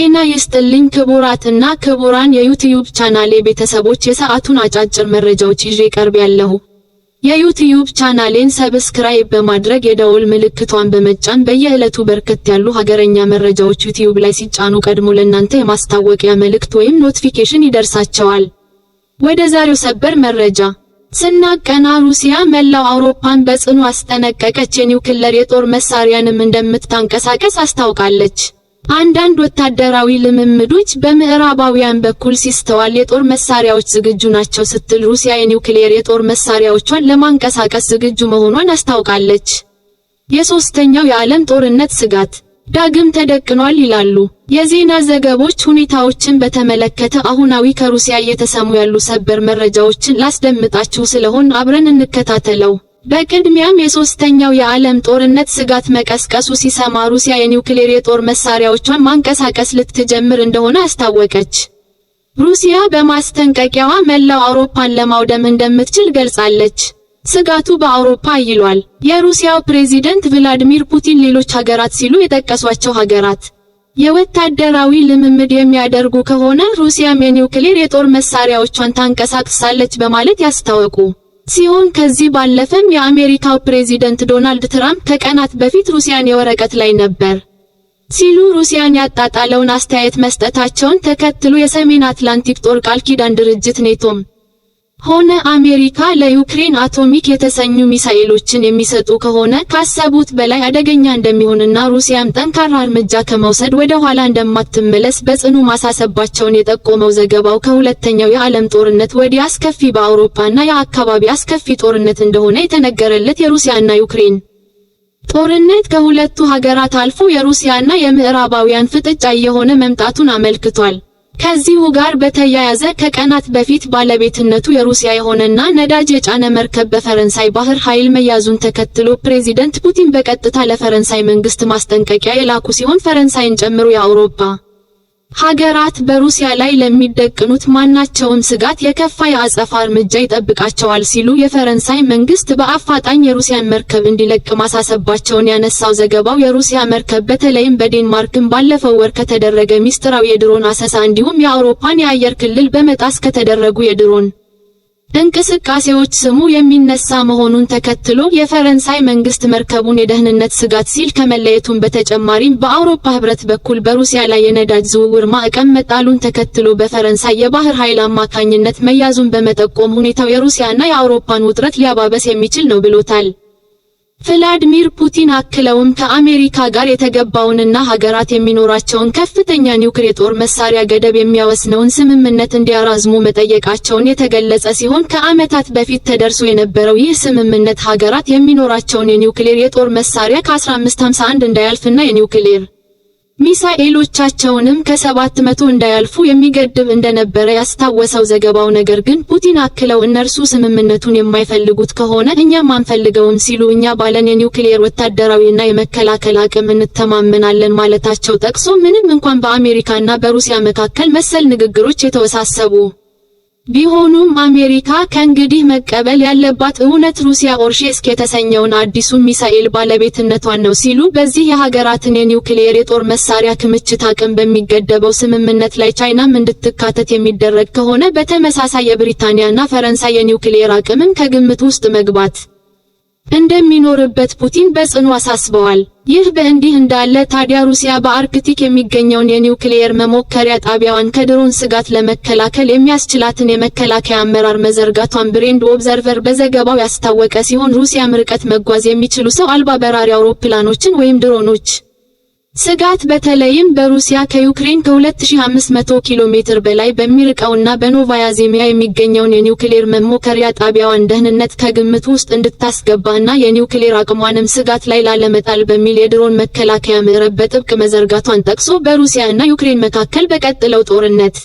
ጤና ይስጥልኝ ክቡራትና ክቡራን የዩቲዩብ ቻናሌ ቤተሰቦች የሰዓቱን አጫጭር መረጃዎች ይዤ ቀርብ ያለሁ። የዩቲዩብ ቻናሌን ሰብስክራይብ በማድረግ የደውል ምልክቷን በመጫን በየዕለቱ በርከት ያሉ ሀገረኛ መረጃዎች ዩቲዩብ ላይ ሲጫኑ ቀድሞ ለእናንተ የማስታወቂያ መልእክት ወይም ኖቲፊኬሽን ይደርሳቸዋል። ወደ ዛሬው ሰበር መረጃ ስናቀና ሩሲያ መላው አውሮፓን በጽኑ አስጠነቀቀች። የኒውክለር የጦር መሳሪያንም እንደምታንቀሳቀስ አስታውቃለች። አንዳንድ ወታደራዊ ልምምዶች በምዕራባውያን በኩል ሲስተዋል የጦር መሳሪያዎች ዝግጁ ናቸው ስትል ሩሲያ የኒውክሌር የጦር መሳሪያዎቿን ለማንቀሳቀስ ዝግጁ መሆኗን አስታውቃለች። የሶስተኛው የዓለም ጦርነት ስጋት ዳግም ተደቅኗል ይላሉ የዜና ዘገቦች። ሁኔታዎችን በተመለከተ አሁናዊ ከሩሲያ እየተሰሙ ያሉ ሰበር መረጃዎችን ላስደምጣችሁ ስለሆን አብረን እንከታተለው። በቅድሚያም የሶስተኛው የዓለም ጦርነት ስጋት መቀስቀሱ ሲሰማ ሩሲያ የኒውክሌር የጦር መሳሪያዎቿን ማንቀሳቀስ ልትጀምር እንደሆነ አስታወቀች። ሩሲያ በማስጠንቀቂያዋ መላው አውሮፓን ለማውደም እንደምትችል ገልጻለች። ስጋቱ በአውሮፓ ይሏል። የሩሲያው ፕሬዚደንት ቭላዲሚር ፑቲን ሌሎች ሀገራት ሲሉ የጠቀሷቸው ሀገራት የወታደራዊ ልምምድ የሚያደርጉ ከሆነ ሩሲያም የኒውክሌር የጦር መሳሪያዎቿን ታንቀሳቅሳለች በማለት ያስታወቁ ሲሆን ከዚህ ባለፈም የአሜሪካው ፕሬዚደንት ዶናልድ ትራምፕ ከቀናት በፊት ሩሲያን የወረቀት ላይ ነበር ሲሉ ሩሲያን ያጣጣለውን አስተያየት መስጠታቸውን ተከትሎ የሰሜን አትላንቲክ ጦር ቃል ኪዳን ድርጅት ኔቶም ሆነ አሜሪካ ለዩክሬን አቶሚክ የተሰኙ ሚሳኤሎችን የሚሰጡ ከሆነ ካሰቡት በላይ አደገኛ እንደሚሆንና ሩሲያም ጠንካራ እርምጃ ከመውሰድ ወደ ኋላ እንደማትመለስ በጽኑ ማሳሰባቸውን የጠቆመው ዘገባው ከሁለተኛው የዓለም ጦርነት ወዲህ አስከፊ በአውሮፓና የአካባቢ አስከፊ ጦርነት እንደሆነ የተነገረለት የሩሲያና ዩክሬን ጦርነት ከሁለቱ ሀገራት አልፎ የሩሲያና የምዕራባውያን ፍጥጫ እየሆነ መምጣቱን አመልክቷል። ከዚሁ ጋር በተያያዘ ከቀናት በፊት ባለቤትነቱ የሩሲያ የሆነና ነዳጅ የጫነ መርከብ በፈረንሳይ ባህር ኃይል መያዙን ተከትሎ ፕሬዚደንት ፑቲን በቀጥታ ለፈረንሳይ መንግስት ማስጠንቀቂያ የላኩ ሲሆን ፈረንሳይን ጨምሮ የአውሮፓ ሀገራት በሩሲያ ላይ ለሚደቅኑት ማናቸውም ስጋት የከፋ የአጸፋ እርምጃ ይጠብቃቸዋል ሲሉ የፈረንሳይ መንግስት በአፋጣኝ የሩሲያን መርከብ እንዲለቅ ማሳሰባቸውን ያነሳው ዘገባው የሩሲያ መርከብ በተለይም በዴንማርክን ባለፈው ወር ከተደረገ ሚስጥራዊ የድሮን አሰሳ እንዲሁም የአውሮፓን የአየር ክልል በመጣስ ከተደረጉ የድሮን እንቅስቃሴዎች ስሙ የሚነሳ መሆኑን ተከትሎ የፈረንሳይ መንግስት መርከቡን የደህንነት ስጋት ሲል ከመለየቱን በተጨማሪም በአውሮፓ ህብረት በኩል በሩሲያ ላይ የነዳጅ ዝውውር ማዕቀብ መጣሉን ተከትሎ በፈረንሳይ የባህር ኃይል አማካኝነት መያዙን በመጠቆም ሁኔታው የሩሲያና የአውሮፓን ውጥረት ሊያባበስ የሚችል ነው ብሎታል። ቭላድሚር ፑቲን አክለውም ከአሜሪካ ጋር የተገባውንና ሀገራት የሚኖራቸውን ከፍተኛ ኒውክሌር የጦር መሳሪያ ገደብ የሚያወስነውን ስምምነት እንዲያራዝሙ መጠየቃቸውን የተገለጸ ሲሆን ከዓመታት በፊት ተደርሶ የነበረው ይህ ስምምነት ሀገራት የሚኖራቸውን የኒውክሌር የጦር መሳሪያ ከ1551 እንዳያልፍና የኒውክሌር ሚሳኤሎቻቸውንም ከሰባት መቶ እንዳያልፉ የሚገድብ እንደነበረ ያስታወሰው ዘገባው፣ ነገር ግን ፑቲን አክለው እነርሱ ስምምነቱን የማይፈልጉት ከሆነ እኛም አንፈልገውም ሲሉ እኛ ባለን የኒውክሌር ወታደራዊና የመከላከል አቅም እንተማመናለን ማለታቸው ጠቅሶ ምንም እንኳን በአሜሪካና በሩሲያ መካከል መሰል ንግግሮች የተወሳሰቡ ቢሆኑም አሜሪካ ከእንግዲህ መቀበል ያለባት እውነት ሩሲያ ኦርሼስክ የተሰኘውን አዲሱን ሚሳኤል ባለቤትነቷን ነው ሲሉ በዚህ የሀገራትን የኒውክሌር የጦር መሳሪያ ክምችት አቅም በሚገደበው ስምምነት ላይ ቻይናም እንድትካተት የሚደረግ ከሆነ በተመሳሳይ የብሪታንያና ፈረንሳይ የኒውክሌር አቅምም ከግምት ውስጥ መግባት እንደሚኖርበት ፑቲን በጽኑ አሳስበዋል። ይህ በእንዲህ እንዳለ ታዲያ ሩሲያ በአርክቲክ የሚገኘውን የኒውክሌየር መሞከሪያ ጣቢያዋን ከድሮን ስጋት ለመከላከል የሚያስችላትን የመከላከያ አመራር መዘርጋቷን ብሬንድ ኦብዘርቨር በዘገባው ያስታወቀ ሲሆን ሩሲያም ርቀት መጓዝ የሚችሉ ሰው አልባ በራሪ አውሮፕላኖችን ወይም ድሮኖች ስጋት በተለይም በሩሲያ ከዩክሬን ከ2500 ኪሎ ሜትር በላይ በሚርቀውና በኖቫያ ዜሚያ የሚገኘውን የኒውክሌር መሞከሪያ ጣቢያዋን ደህንነት ከግምት ውስጥ እንድታስገባና የኒውክሌር አቅሟንም ስጋት ላይ ላለመጣል በሚል የድሮን መከላከያ ምዕራብ በጥብቅ መዘርጋቷን ጠቅሶ በሩሲያና ዩክሬን መካከል በቀጥለው ጦርነት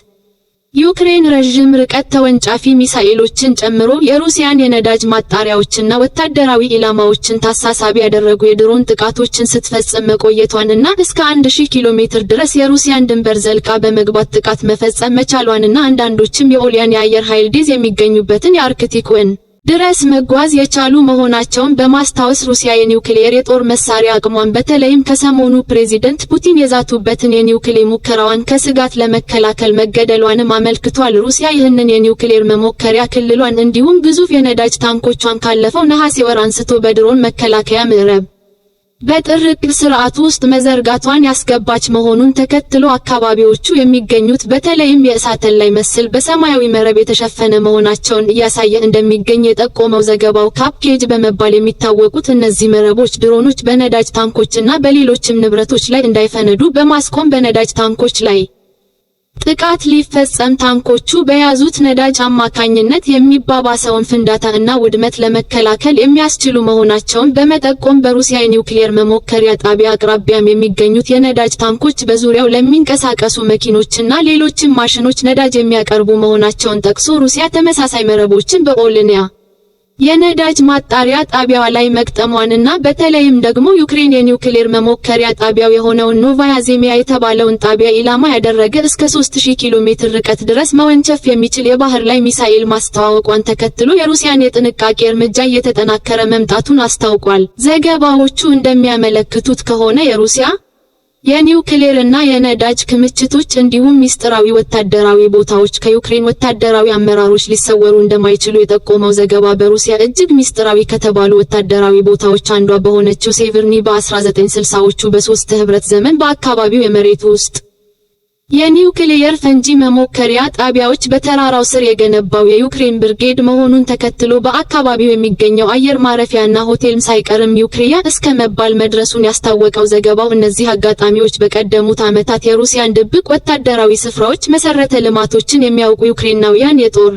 ዩክሬን ረዥም ርቀት ተወንጫፊ ሚሳኤሎችን ጨምሮ የሩሲያን የነዳጅ ማጣሪያዎችና ወታደራዊ ኢላማዎችን ታሳሳቢ ያደረጉ የድሮን ጥቃቶችን ስትፈጽም መቆየቷንና እስከ 1000 ኪሎ ሜትር ድረስ የሩሲያን ድንበር ዘልቃ በመግባት ጥቃት መፈጸም መቻሏንና አንዳንዶችም የኦሊያን የአየር ኃይል ዲዝ የሚገኙበትን የአርክቲክ ን ድረስ መጓዝ የቻሉ መሆናቸውን በማስታወስ ሩሲያ የኒውክሌር የጦር መሳሪያ አቅሟን በተለይም ከሰሞኑ ፕሬዚደንት ፑቲን የዛቱበትን የኒውክሌር ሙከራዋን ከስጋት ለመከላከል መገደሏንም አመልክቷል። ሩሲያ ይህንን የኒውክሌር መሞከሪያ ክልሏን እንዲሁም ግዙፍ የነዳጅ ታንኮቿን ካለፈው ነሐሴ ወር አንስቶ በድሮን መከላከያ ምዕረብ በጥርቅ ስርዓት ውስጥ መዘርጋቷን ያስገባች መሆኑን ተከትሎ አካባቢዎቹ የሚገኙት በተለይም የእሳተል ላይ መስል በሰማያዊ መረብ የተሸፈነ መሆናቸውን እያሳየ እንደሚገኝ የጠቆመው ዘገባው ካፕኬጅ በመባል የሚታወቁት እነዚህ መረቦች ድሮኖች በነዳጅ ታንኮችና በሌሎችም ንብረቶች ላይ እንዳይፈነዱ በማስቆም በነዳጅ ታንኮች ላይ ጥቃት ሊፈጸም ታንኮቹ በያዙት ነዳጅ አማካኝነት የሚባባሰውን ፍንዳታ እና ውድመት ለመከላከል የሚያስችሉ መሆናቸውን በመጠቆም በሩሲያ የኒውክሌር መሞከሪያ ጣቢያ አቅራቢያም የሚገኙት የነዳጅ ታንኮች በዙሪያው ለሚንቀሳቀሱ መኪኖችና ሌሎችም ማሽኖች ነዳጅ የሚያቀርቡ መሆናቸውን ጠቅሶ ሩሲያ ተመሳሳይ መረቦችን በኦልኒያ የነዳጅ ማጣሪያ ጣቢያዋ ላይ መቅጠሟንና በተለይም ደግሞ ዩክሬን የኒውክሌር መሞከሪያ ጣቢያው የሆነውን ዜሚያ የተባለውን ጣቢያ ኢላማ ያደረገ እስከ 3000 ኪሎ ሜትር ርቀት ድረስ መወንጨፍ የሚችል የባህር ላይ ሚሳኤል ማስተዋወቋን ተከትሎ የሩሲያን የጥንቃቄ እርምጃ እየተጠናከረ መምጣቱን አስታውቋል። ዘገባዎቹ እንደሚያመለክቱት ከሆነ የሩሲያ የኒውክሌር እና የነዳጅ ክምችቶች እንዲሁም ሚስጥራዊ ወታደራዊ ቦታዎች ከዩክሬን ወታደራዊ አመራሮች ሊሰወሩ እንደማይችሉ የጠቆመው ዘገባ በሩሲያ እጅግ ሚስጥራዊ ከተባሉ ወታደራዊ ቦታዎች አንዷ በሆነችው ሴቨርኒ በ1960ዎቹ በሶስት ህብረት ዘመን በአካባቢው የመሬት ውስጥ የኒውክሌየር ፈንጂ መሞከሪያ ጣቢያዎች በተራራው ስር የገነባው የዩክሬን ብርጌድ መሆኑን ተከትሎ በአካባቢው የሚገኘው አየር ማረፊያና ሆቴልም ሳይቀርም ዩክሬያ እስከ መባል መድረሱን ያስታወቀው ዘገባው እነዚህ አጋጣሚዎች በቀደሙት ዓመታት የሩሲያን ድብቅ ወታደራዊ ስፍራዎች መሰረተ ልማቶችን የሚያውቁ ዩክሬናውያን የጦር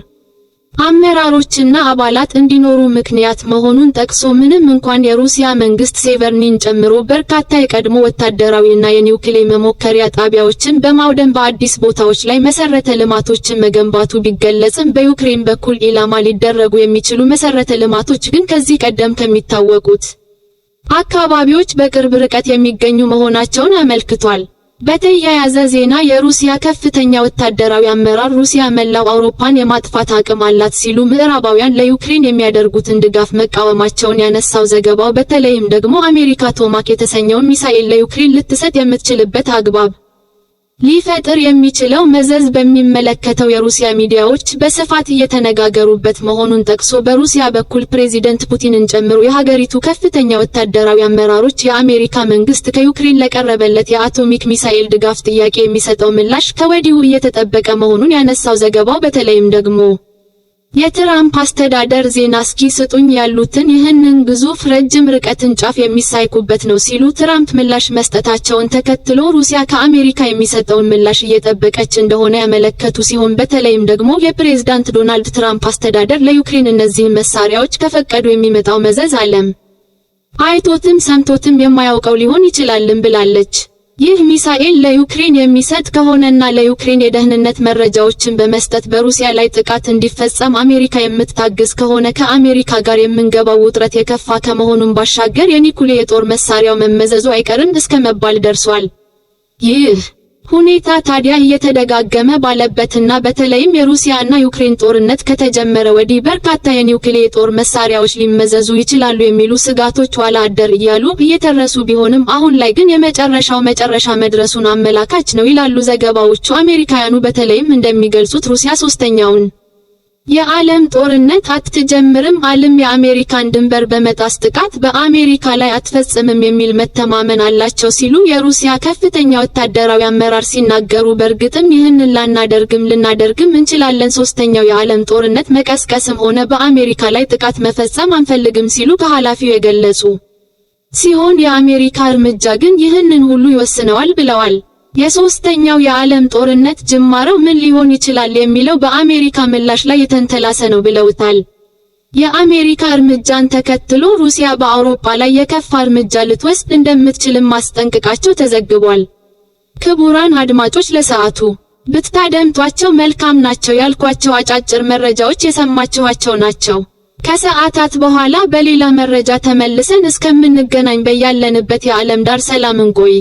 አመራሮችና አባላት እንዲኖሩ ምክንያት መሆኑን ጠቅሶ ምንም እንኳን የሩሲያ መንግስት ሴቨርኒን ጨምሮ በርካታ የቀድሞ ወታደራዊና የኒውክሌር መሞከሪያ ጣቢያዎችን በማውደም በአዲስ ቦታዎች ላይ መሰረተ ልማቶችን መገንባቱ ቢገለጽም በዩክሬን በኩል ኢላማ ሊደረጉ የሚችሉ መሰረተ ልማቶች ግን ከዚህ ቀደም ከሚታወቁት አካባቢዎች በቅርብ ርቀት የሚገኙ መሆናቸውን አመልክቷል። በተያያዘ ዜና የሩሲያ ከፍተኛ ወታደራዊ አመራር ሩሲያ መላው አውሮፓን የማጥፋት አቅም አላት ሲሉ ምዕራባውያን ለዩክሬን የሚያደርጉትን ድጋፍ መቃወማቸውን ያነሳው ዘገባው በተለይም ደግሞ አሜሪካ ቶማክ የተሰኘውን ሚሳኤል ለዩክሬን ልትሰጥ የምትችልበት አግባብ ሊፈጥር የሚችለው መዘዝ በሚመለከተው የሩሲያ ሚዲያዎች በስፋት እየተነጋገሩበት መሆኑን ጠቅሶ በሩሲያ በኩል ፕሬዚደንት ፑቲንን ጨምሮ የሀገሪቱ ከፍተኛ ወታደራዊ አመራሮች የአሜሪካ መንግስት ከዩክሬን ለቀረበለት የአቶሚክ ሚሳኤል ድጋፍ ጥያቄ የሚሰጠው ምላሽ ከወዲሁ እየተጠበቀ መሆኑን ያነሳው ዘገባው በተለይም ደግሞ የትራምፕ አስተዳደር ዜና እስኪ ስጡኝ ያሉትን ይህንን ግዙፍ ረጅም ርቀትን ጫፍ የሚሳይኩበት ነው ሲሉ ትራምፕ ምላሽ መስጠታቸውን ተከትሎ ሩሲያ ከአሜሪካ የሚሰጠውን ምላሽ እየጠበቀች እንደሆነ ያመለከቱ ሲሆን በተለይም ደግሞ የፕሬዝዳንት ዶናልድ ትራምፕ አስተዳደር ለዩክሬን እነዚህን መሳሪያዎች ከፈቀዱ የሚመጣው መዘዝ ዓለም አይቶትም ሰምቶትም የማያውቀው ሊሆን ይችላልም ብላለች። ይህ ሚሳኤል ለዩክሬን የሚሰጥ ከሆነና ለዩክሬን የደህንነት መረጃዎችን በመስጠት በሩሲያ ላይ ጥቃት እንዲፈጸም አሜሪካ የምትታግዝ ከሆነ ከአሜሪካ ጋር የምንገባው ውጥረት የከፋ ከመሆኑን ባሻገር የኒኩሌ የጦር መሳሪያው መመዘዙ አይቀርም እስከ መባል ደርሷል። ይህ ሁኔታ ታዲያ እየተደጋገመ ባለበትና በተለይም የሩሲያና ዩክሬን ጦርነት ከተጀመረ ወዲህ በርካታ የኒውክሌር ጦር መሳሪያዎች ሊመዘዙ ይችላሉ የሚሉ ስጋቶች ኋላ አደር እያሉ እየተረሱ ቢሆንም አሁን ላይ ግን የመጨረሻው መጨረሻ መድረሱን አመላካች ነው ይላሉ ዘገባዎቹ። አሜሪካውያኑ በተለይም እንደሚገልጹት ሩሲያ ሶስተኛውን የዓለም ጦርነት አትጀምርም ዓለም የአሜሪካን ድንበር በመጣስ ጥቃት በአሜሪካ ላይ አትፈጽምም የሚል መተማመን አላቸው ሲሉ የሩሲያ ከፍተኛ ወታደራዊ አመራር ሲናገሩ፣ በእርግጥም ይህንን ላናደርግም ልናደርግም እንችላለን ሶስተኛው የዓለም ጦርነት መቀስቀስም ሆነ በአሜሪካ ላይ ጥቃት መፈጸም አንፈልግም ሲሉ ከኃላፊው የገለጹ ሲሆን የአሜሪካ እርምጃ ግን ይህንን ሁሉ ይወስነዋል ብለዋል። የሶስተኛው የዓለም ጦርነት ጅማራው ምን ሊሆን ይችላል የሚለው በአሜሪካ ምላሽ ላይ የተንተላሰ ነው ብለውታል። የአሜሪካ እርምጃን ተከትሎ ሩሲያ በአውሮፓ ላይ የከፋ እርምጃ ልትወስድ እንደምትችልም ማስጠንቀቃቸው ተዘግቧል። ክቡራን አድማጮች ለሰዓቱ ብታደምጧቸው መልካም ናቸው ያልኳቸው አጫጭር መረጃዎች የሰማችኋቸው ናቸው። ከሰዓታት በኋላ በሌላ መረጃ ተመልሰን እስከምንገናኝ በያለንበት የዓለም ዳር ሰላም እንቆይ።